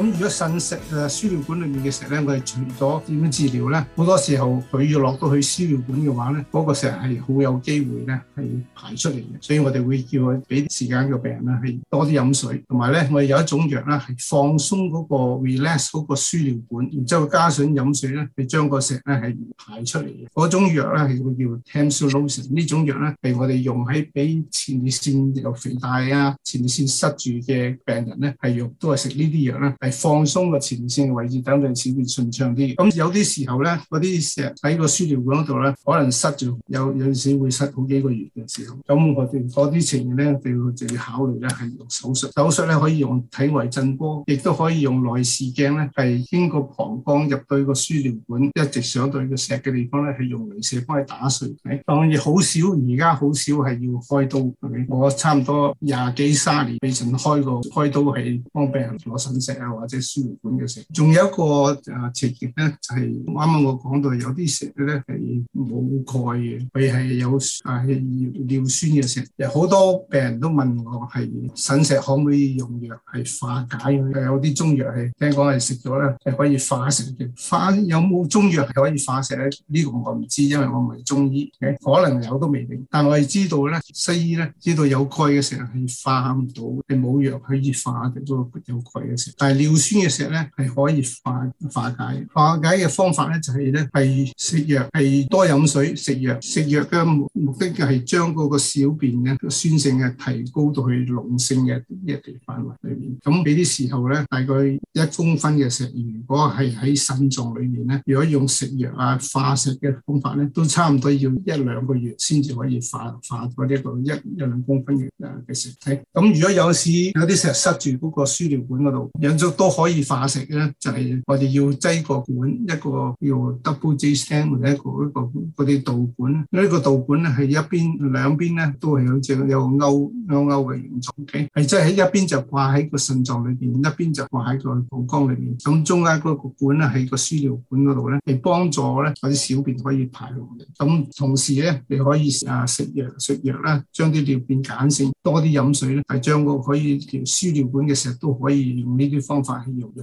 咁如果腎石誒輸尿管裏面嘅石咧，我哋除咗點樣治療咧？好多時候佢要落到去輸尿管嘅話咧，嗰個石係好有機會咧係排出嚟嘅。所以我哋會叫佢俾時間嘅病人咧，係多啲飲水，同埋咧我哋有一種藥咧係放鬆嗰個 relax 嗰個輸尿管，然之後加上飲水咧，去將個石咧係排出嚟嘅。嗰種藥咧係叫 Tamsulosin，呢種藥咧係我哋用喺俾前列腺有肥大啊、前列腺塞住嘅病人咧係用，都係食呢啲藥啦。放鬆個前線嘅位置，等佢先會順暢啲。咁有啲時候咧，嗰啲石喺個輸尿管度咧，可能塞住，有有陣時會塞好幾個月嘅時候。咁我哋嗰啲情形咧，我哋就，就要考慮咧係用手術。手術咧可以用體外震波，亦都可以用內視鏡咧，係經過膀胱入到個輸尿管，一直上到個石嘅地方咧，係用雷射幫佢打碎。當然好少，而家好少係要開刀。我差唔多廿幾卅年未曾開過開刀，係幫病人攞腎石啊。或者輸尿管嘅石，仲有一個誒情形咧，就係啱啱我講到有啲石咧係冇鈣嘅，佢係有、啊、尿酸嘅石。好多病人都問我係腎石可唔可以用藥係化解？有啲中藥係聽講係食咗咧係可以化石嘅。化有冇中藥係可以化石咧？呢、呢個我唔知，因為我唔係中醫，可能有都未定。但我係知道咧，西醫咧知道有鈣嘅石係化唔到，係冇藥可以化嘅都有鈣嘅石，但尿酸嘅石咧係可以化化解嘅，化解嘅方法咧就係咧係食藥，係多飲水，食藥，食藥嘅目目的就係將嗰個小便嘅酸性嘅提高到去濃性嘅一啲範圍裏面。咁俾啲時候咧，大概一公分嘅石，如果係喺腎臟裏面咧，如果用食藥啊化石嘅方法咧，都差唔多要一兩個月先至可以化化咗呢個一一兩公分嘅嘅石體。咁如果有時有啲石塞住嗰個輸尿管嗰度，引咗。都可以化石咧，就係、是、我哋要擠個管，一個叫 double J stent，或者一個一個嗰啲導管。呢、那個導管咧係一邊兩邊咧都係好似有勾勾勾嘅形狀嘅，係即係一邊就掛喺個腎臟裏邊，一邊就掛喺個膀胱裏邊。咁中間嗰個管咧喺個輸尿管嗰度咧，係幫助咧嗰啲小便可以排落嚟。咁同時咧，你可以啊食藥，食藥啦，將啲尿變鹼性，多啲飲水咧，係將個可以條輸尿管嘅石都可以用呢啲方法。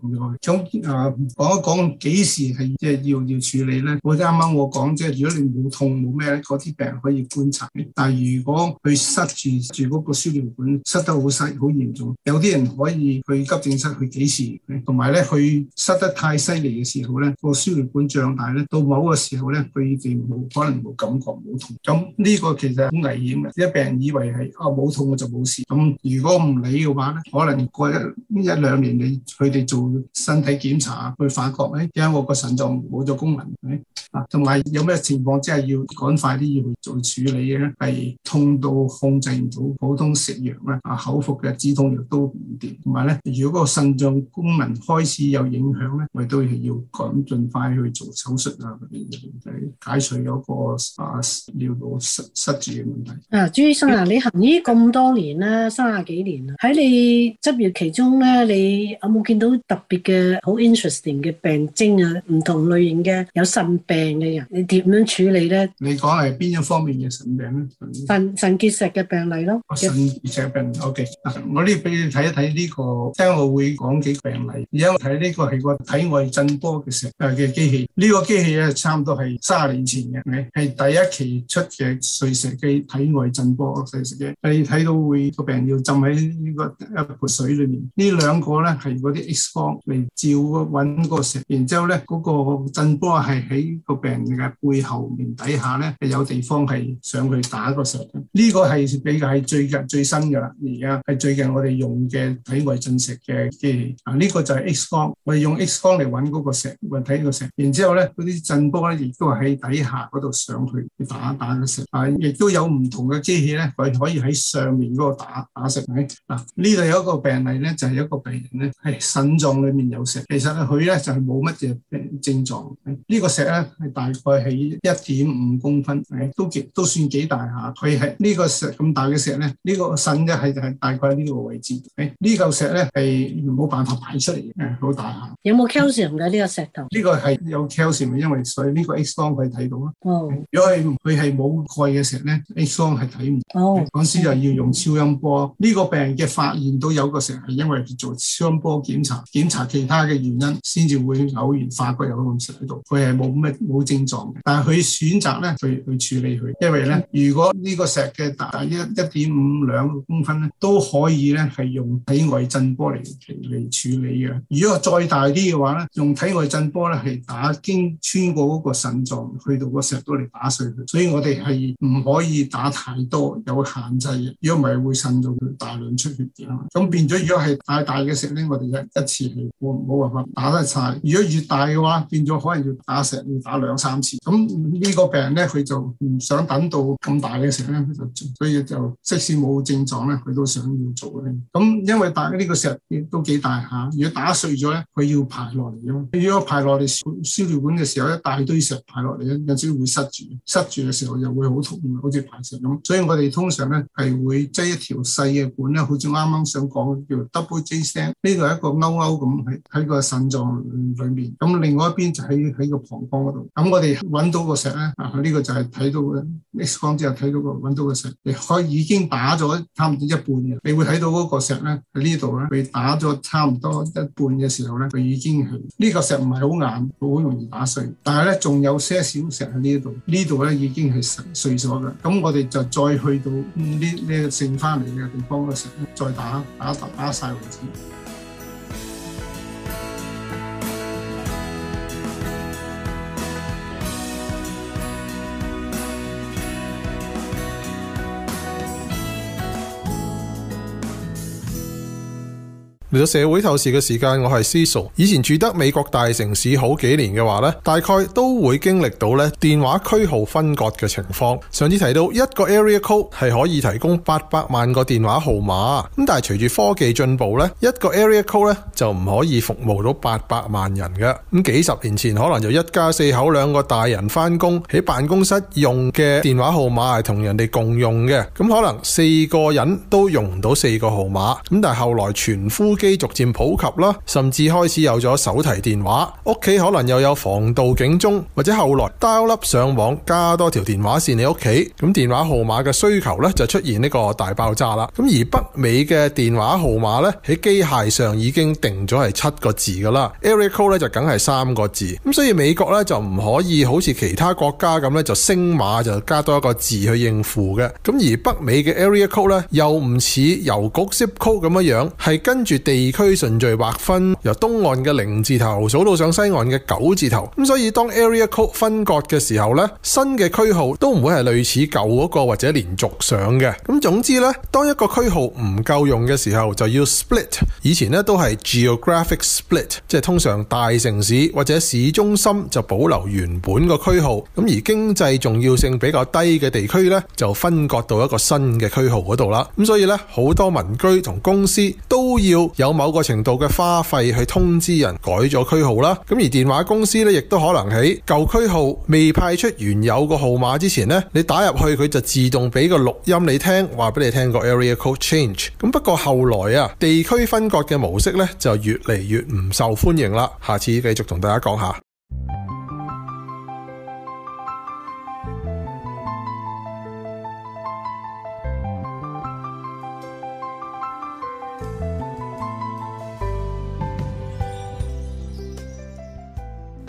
咁樣去，總之啊講一講幾時係即係要要處理咧？我啱啱我講即係如果你冇痛冇咩嗰啲病可以觀察。但係如果佢塞住住嗰個輸尿管，塞得好塞好嚴重，有啲人可以去急症室去幾時呢？同埋咧，佢塞得太犀利嘅時候咧，個輸尿管脹大咧，到某個時候咧，佢哋冇可能冇感覺冇痛。咁呢個其實好危險嘅，一病人以為係啊冇痛我就冇事。咁如果唔理嘅話咧，可能過一一兩年你。佢哋做身體檢查，去發覺誒點解我個腎臟冇咗功能？啊，同埋有咩情況即係要趕快啲要去做處理咧？係痛到控制唔到，普通食藥咧啊，口服嘅止痛藥都唔掂。同埋咧，如果嗰個腎臟功能開始有影響咧，我哋都係要趕盡快去做手術啊，解除有、嗰個、啊、尿道塞塞住嘅問題。啊，朱醫生啊，你行醫咁多年啦，三十幾年啦，喺你執業其中咧，你。冇見到特別嘅好 interesting 嘅病徵啊。唔同類型嘅有腎病嘅人，你點樣處理咧？你講係邊一方面嘅腎病咧？腎腎結石嘅病例咯。腎結石病例，O.K.，我呢俾你睇一睇呢個，聽我會講幾個病例。而家我睇呢個係個體外震波嘅成啊嘅機器，呢個機器啊差唔多係卅年前嘅，係第一期出嘅碎石機體外震波碎石機。你睇到會個病要浸喺呢個一盆水裡面。呢兩個咧係。是嗰啲 X 光嚟照個揾個石，然之後咧嗰、嗰個震波係喺個病人嘅背後面底下咧係有地方係上去打嗰個石。呢、呢個係比較係最近最新㗎啦，而家係最近我哋用嘅體外震石嘅機器。嗱、啊、呢、呢個就係 X 光，我哋用 X 光嚟揾嗰個石，揾睇個石。然之後咧嗰啲震波咧亦都係喺底下嗰度上去打打個石，但、啊、亦都有唔同嘅機器咧，佢可以喺上面嗰個打打石嘅。嗱呢度有一個病例咧，就係、係、一個病人咧。腎臟裏面有石，其實佢咧就係冇乜嘢症狀。呢、這個石咧係大概係一點五公分，誒都幾都算幾大下。佢係呢個石咁大嘅石咧，呢、這個腎咧係就係大概喺呢個位置。誒、這個、呢嚿石咧係冇辦法排出嚟嘅，誒好大下，有冇 calcium 嘅呢個石頭？呢、這個係有 calcium，因為所以呢個 X 光可以睇到啊。哦，如果係佢係冇鈣嘅石咧，X 光係睇唔到。哦，嗰時就要用超音波。呢、嗯這個病人嘅發現到有個石係因為做超音波。檢查檢查其他嘅原因先至會偶然發覺有咁石喺度，佢係冇咩冇症狀嘅。但係佢選擇咧去去處理佢，因為咧如果呢個石嘅大一一點五兩個公分咧，都可以咧係用體外震波嚟嚟處理嘅。如果再大啲嘅話咧，用體外震波咧係打經穿過嗰個腎臟去到個石都嚟打碎佢。所以我哋係唔可以打太多，有限制嘅。如果唔係會腎臟佢大量出血嘅。咁變咗如果係太大嘅石咧，我哋。一次嚟過冇辦法打得晒。如果越大嘅話，變咗可能要打石要打兩三次。咁呢個病人咧，佢就唔想等到咁大嘅石咧，佢就所以就即使冇症狀咧，佢都想要做嘅。咁因為打呢個石都幾大下，如果打碎咗咧，佢要排落嚟。如果排落嚟輸尿管嘅時候，一大堆石排落嚟，有時會塞住，塞住嘅時候又會好痛，好似排石咁。所以我哋通常咧係會擠一條細嘅管咧，好似啱啱想講叫 double J stent 呢個一。個勾勾咁喺喺個腎臟裏面，咁另外一邊就喺喺個膀胱嗰度。咁我哋揾到個石咧，啊呢個就係睇到嘅 X 光之後睇到個揾到個石，你可以已經打咗差唔多一半嘅。你會睇到嗰個石咧喺呢度咧，被打咗差唔多一半嘅時候咧，佢已經係呢個石唔係好硬，好容易打碎。但係咧仲有些少石喺呢度，呢度咧已經係碎咗嘅。咁我哋就再去到呢呢剩翻嚟嘅地方嘅石咧，再打打打曬為止。嚟到社會透視嘅時間，我係 Cecil。以前住得美國大城市好幾年嘅話呢，大概都會經歷到咧電話區號分割嘅情況。上次提到一個 area code 係可以提供八百萬個電話號碼，咁但係隨住科技進步咧，一個 area code 咧就唔可以服務到八百萬人嘅。咁幾十年前可能就一家四口兩個大人翻工喺辦公室用嘅電話號碼係同人哋共用嘅，咁可能四個人都用唔到四個號碼。咁但係後來全呼機逐漸普及啦，甚至開始有咗手提電話，屋企可能又有防盜警鐘，或者後來兜粒上網加多條電話線。你屋企咁電話號碼嘅需求咧就出現呢個大爆炸啦。咁而北美嘅電話號碼咧喺機械上已經定咗係七個字噶啦，area code 咧就梗係三個字。咁所以美國咧就唔可以好似其他國家咁咧就升碼就加多一個字去應付嘅。咁而北美嘅 area code 咧又唔似郵局 zip code 咁樣樣係跟住定。地區順序劃分，由東岸嘅零字頭數到上西岸嘅九字頭。咁所以當 area code 分割嘅時候呢，新嘅區號都唔會係類似舊嗰個或者連續上嘅。咁總之呢，當一個區號唔夠用嘅時候，就要 split。以前呢都係 geographic split，即係通常大城市或者市中心就保留原本個區號，咁而經濟重要性比較低嘅地區呢，就分割到一個新嘅區號嗰度啦。咁所以呢，好多民居同公司都要。有某個程度嘅花費去通知人改咗區號啦，咁而電話公司咧亦都可能喺舊區號未派出原有個號碼之前咧，你打入去佢就自動俾個錄音你聽，話俾你聽個 area code change。咁不過後來啊，地區分割嘅模式咧就越嚟越唔受歡迎啦。下次繼續同大家講下。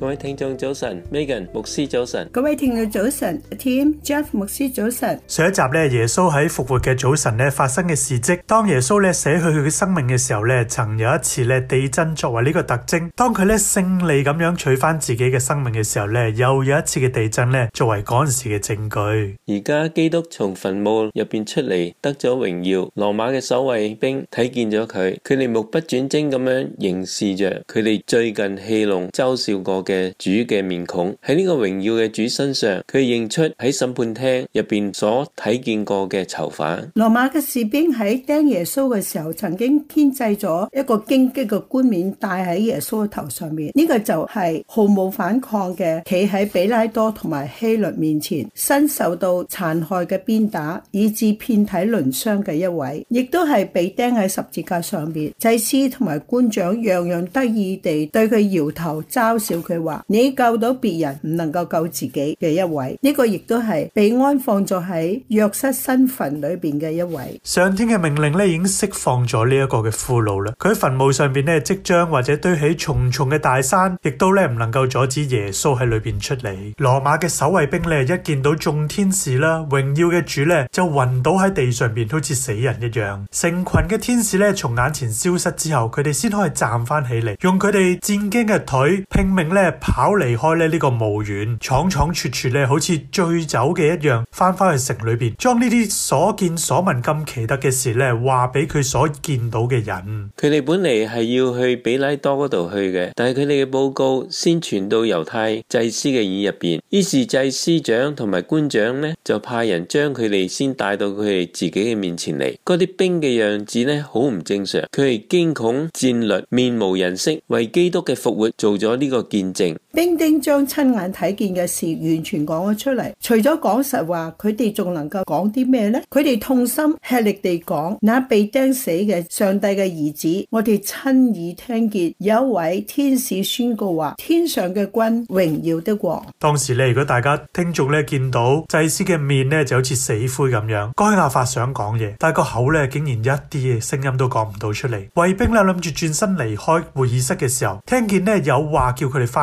各位聽眾早晨，Megan 牧師早晨，各位聽眾早晨，Tim Jeff 牧師早晨。上一集咧，耶穌喺復活嘅早晨咧發生嘅事蹟。當耶穌咧捨去佢嘅生命嘅時候咧，曾有一次咧地震作為呢個特徵。當佢咧勝利咁樣取翻自己嘅生命嘅時候咧，又有一次嘅地震咧作為嗰陣時嘅證據。而家基督從墳墓入邊出嚟得咗榮耀，羅馬嘅守衛兵睇見咗佢，佢哋目不轉睛咁樣凝視着佢哋最近戲弄嘲笑過嘅。嘅主嘅面孔。喺呢個榮耀嘅主身上，佢認出喺審判廳入邊所睇見過嘅囚犯。羅馬嘅士兵喺釘耶穌嘅時候，曾經編製咗一個荊棘嘅冠冕戴喺耶穌嘅頭上面。呢、呢個就係毫無反抗嘅，企喺比拉多同埋希律面前，身受到殘害嘅鞭打，以致遍體鱗傷嘅一位，亦都係被釘喺十字架上面。祭司同埋官長洋洋得意地對佢搖頭嘲笑佢。話你救到別人唔能夠救自己嘅一位，呢個亦都係被安放咗喺約瑟新墳裏邊嘅一位。上天嘅命令咧已經釋放咗呢一個嘅俘虜啦。佢喺墳墓上邊咧即將或者堆起重重嘅大山，亦都咧唔能夠阻止耶穌喺裏邊出嚟。羅馬嘅守衛兵咧一見到眾天使啦，榮耀嘅主咧就暈倒喺地上邊，好似死人一樣。成群嘅天使咧從眼前消失之後，佢哋先可以站翻起嚟，用佢哋戰驚嘅腿拼命咧。跑離開咧呢個墓園，闖闖處處咧好似醉酒嘅一樣，翻翻去城裏邊，將呢啲所見所聞咁奇特嘅事咧話俾佢所見到嘅人。佢哋本嚟係要去比拉多嗰度去嘅，但係佢哋嘅報告先傳到猶太祭司嘅耳入邊，於是祭司長同埋官長呢，就派人將佢哋先帶到佢哋自己嘅面前嚟。嗰啲兵嘅樣子咧好唔正常，佢哋驚恐戰栗，面無人色，為基督嘅復活做咗呢個見。冰丁將親眼睇見嘅事完全講咗出嚟，除咗講實話，佢哋仲能夠講啲咩呢？佢哋痛心吃力地講，那被釘死嘅上帝嘅兒子，我哋親耳聽見有一位天使宣告話：天上嘅君榮耀的王。當時咧，如果大家聽眾咧見到祭司嘅面咧，就好似死灰咁樣，該亞法想講嘢，但個口咧竟然一啲聲音都講唔到出嚟。衛兵咧諗住轉身離開會議室嘅時候，聽見咧有話叫佢哋翻。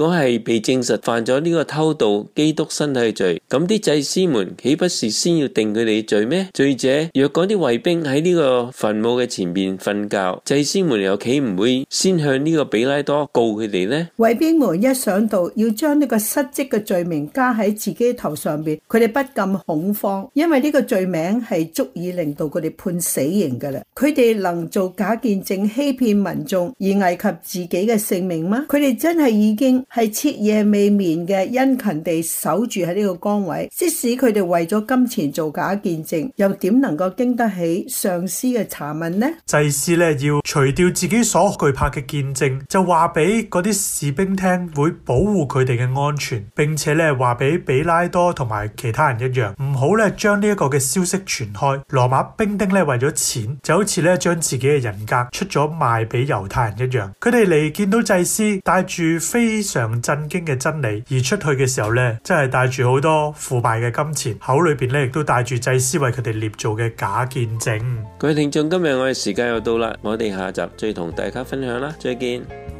如果係被證實犯咗呢個偷盜基督身體嘅罪，咁啲祭司們豈不是先要定佢哋罪咩？罪者若講啲衛兵喺呢個墳墓嘅前面瞓覺，祭司們又豈唔會先向呢個比拉多告佢哋呢？衛兵們一想到要將呢個失職嘅罪名加喺自己頭上邊，佢哋不禁恐慌，因為呢個罪名係足以令到佢哋判死刑噶啦。佢哋能做假見證欺騙民眾而危及自己嘅性命嗎？佢哋真係已經。係徹夜未眠嘅，殷勤地守住喺呢個崗位。即使佢哋為咗金錢做假見證，又點能夠經得起上司嘅查問呢？祭司咧要除掉自己所懼怕嘅見證，就話俾嗰啲士兵聽，會保護佢哋嘅安全，並且咧話俾比拉多同埋其他人一樣，唔好咧將呢一個嘅消息傳開。羅馬兵丁咧為咗錢，就好似咧將自己嘅人格出咗賣俾猶太人一樣。佢哋嚟見到祭司，帶住非常。講真經嘅真理，而出去嘅時候呢，真係帶住好多腐敗嘅金錢，口裏邊呢亦都帶住祭司為佢哋捏造嘅假見證。各位聽眾，今日我哋時間又到啦，我哋下集再同大家分享啦，再見。